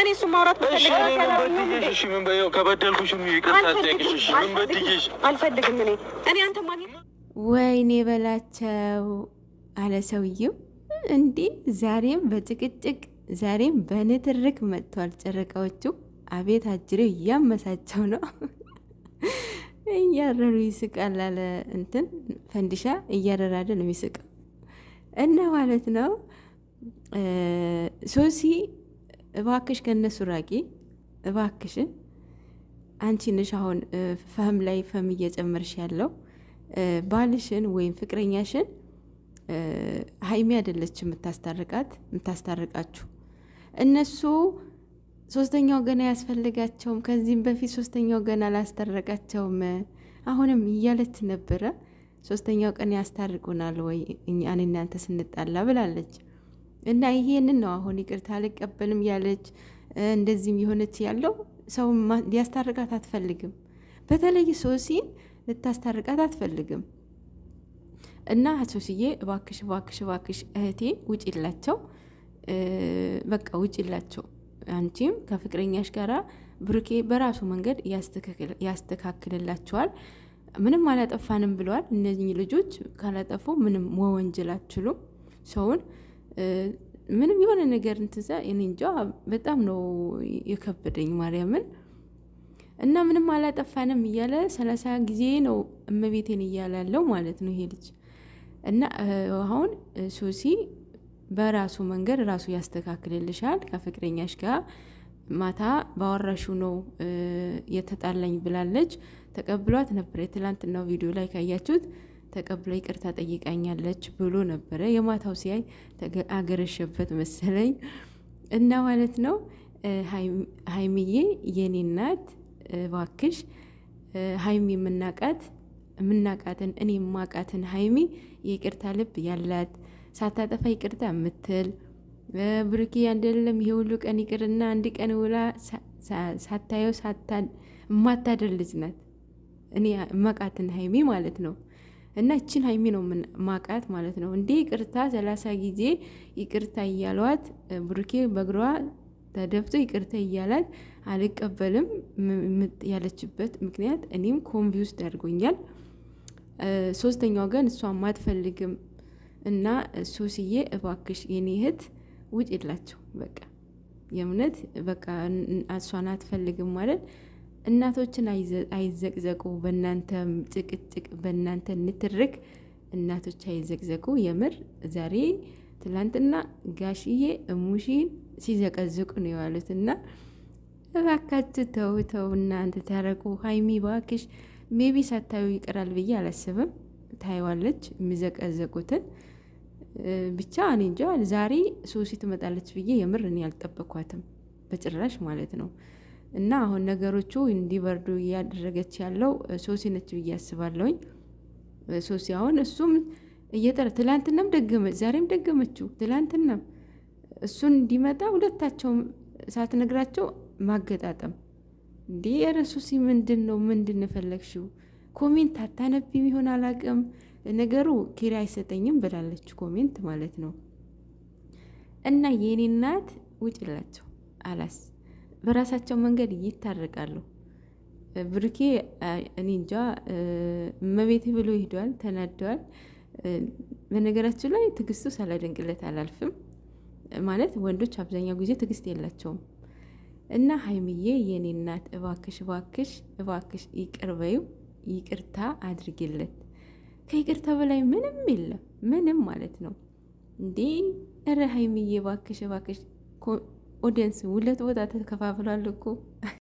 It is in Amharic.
እኔ እሱን ማውራት ወይኔ በላቸው አለ ሰውዬው። እንዲህ ዛሬም በጭቅጭቅ ዛሬም በንትርክ መጥተዋል ጨረቃዎቹ። አቤት አጅሬው እያመሳቸው ነው። እያረሩ ይስቃል አለ እንትን ፈንዲሻ እያረራደ ነው የሚስቀው እና ማለት ነው ሶሲ እባክሽ ከነሱ ራቂ እባክሽ። አንቺ ነሽ አሁን ፈህም ላይ ፈህም እየጨመርሽ ያለው ባልሽን ወይም ፍቅረኛሽን ሀይሚ አይደለች የምታስታርቃት የምታስታርቃችሁ እነሱ ሶስተኛው ገና አያስፈልጋቸውም። ከዚህም በፊት ሶስተኛው ገና አላስታረቃቸውም። አሁንም እያለች ነበረ ሶስተኛው ቀን ያስታርቁናል ወይ እኔ እናንተ ስንጣላ ብላለች። እና ይሄንን ነው አሁን ይቅርታ አልቀበልም ያለች እንደዚህም የሆነች ያለው ሰው ሊያስታርቃት አትፈልግም። በተለይ ሶሲን ልታስታርቃት አትፈልግም። እና ሶሲዬ እባክሽ እባክሽ እባክሽ እህቴ ላቸው በቃ ላቸው። አንቺም ከፍቅረኛሽ ጋራ ብሩኬ በራሱ መንገድ ያስተካክልላቸዋል። ምንም አላጠፋንም ብለዋል እነዚህ ልጆች። ካላጠፉ ምንም መወንጀል አትችሉም ሰውን ምንም የሆነ ነገር እንትዛ እኔ እንጃ በጣም ነው የከበደኝ ማርያምን እና ምንም አላጠፋንም እያለ ሰላሳ ጊዜ ነው እመቤቴን እያለ ያለው ማለት ነው ይሄ ልጅ እና አሁን ሶሲ በራሱ መንገድ ራሱ ያስተካክልልሻል። ከፍቅረኛሽ ጋር ማታ ባወራሹ ነው የተጣላኝ ብላለች። ተቀብሏት ነበር። የትላንትናው ቪዲዮ ላይ ካያችሁት ተቀብላ ይቅርታ ጠይቃኛለች ብሎ ነበረ። የማታው ሲያይ አገረሸበት መሰለኝ እና ማለት ነው ሀይሚዬ የኔ እናት እባክሽ ሀይሚ የምናቃት የምናቃትን እኔ የማቃትን ሀይሚ የይቅርታ ልብ ያላት ሳታጠፋ ይቅርታ የምትል ብሩኪ አይደለም ይሄ ሁሉ ቀን ይቅርና አንድ ቀን ውላ ሳታየው ሳታ የማታደር ልጅ ናት። እኔ መቃትን ሀይሚ ማለት ነው። እና እችን ሀይሚ ነው ማቃት ማለት ነው እንዴ ይቅርታ ሰላሳ ጊዜ ይቅርታ እያሏት ብሩኬ በእግሯ ተደብቶ ይቅርታ እያላት አልቀበልም ያለችበት ምክንያት እኔም ኮንቪውስ አድርጎኛል። ሶስተኛው ግን እሷ ማትፈልግም እና ሶስዬ እባክሽ የኔ እህት ውጭ የላቸው በቃ የእምነት በቃ እሷን አትፈልግም ማለት እናቶችን አይዘቅዘቁ። በእናንተ ጭቅጭቅ፣ በእናንተ ንትርክ እናቶች አይዘቅዘቁ። የምር ዛሬ ትላንትና ጋሽዬ እሙሽን ሲዘቀዝቁ ነው የዋሉት እና እባካችሁ ተው ተው፣ እናንተ ታረቁ። ሀይሚ ባክሽ ሜቢ ሳታዩ ይቀራል ብዬ አላስብም። ታይዋለች የሚዘቀዘቁትን ብቻ። እኔ እንጃ ዛሬ ሶሲ ትመጣለች ብዬ የምር እኔ አልጠበኳትም በጭራሽ ማለት ነው። እና አሁን ነገሮቹ እንዲበርዱ እያደረገች ያለው ሶሲ ነች ብዬ አስባለሁኝ። ሶሲ አሁን እሱም እየጠረ ትላንትናም ደገመች፣ ዛሬም ደገመችው። ትላንትናም እሱን እንዲመጣ ሁለታቸውም ሳትነግራቸው ማገጣጠም እንዲህ ኧረ ሶሲ ምንድን ነው ምንድን ፈለግሽው? ኮሜንት አታነቢም ይሆን አላቅም። ነገሩ ኪራይ አይሰጠኝም ብላለች፣ ኮሜንት ማለት ነው። እና የኔ እናት ውጭላቸው አላስ በራሳቸው መንገድ ይታረቃሉ። ብሩኬ እኔ እንጃ እመቤቴ ብሎ ሄደዋል፣ ተናደዋል። በነገራችን ላይ ትግስቱ ሳላደንቅለት አላልፍም። ማለት ወንዶች አብዛኛው ጊዜ ትግስት የላቸውም እና ሀይምዬ የኔ እናት እባክሽ እባክሽ እባክሽ ይቅር ይቅርታ አድርጊለት። ከይቅርታ በላይ ምንም የለም ምንም ማለት ነው እንዴ! እረ ሀይምዬ እባክሽ እባክሽ ኦዲየንስ ሁለት ቦታ ተከፋፍሏል እኮ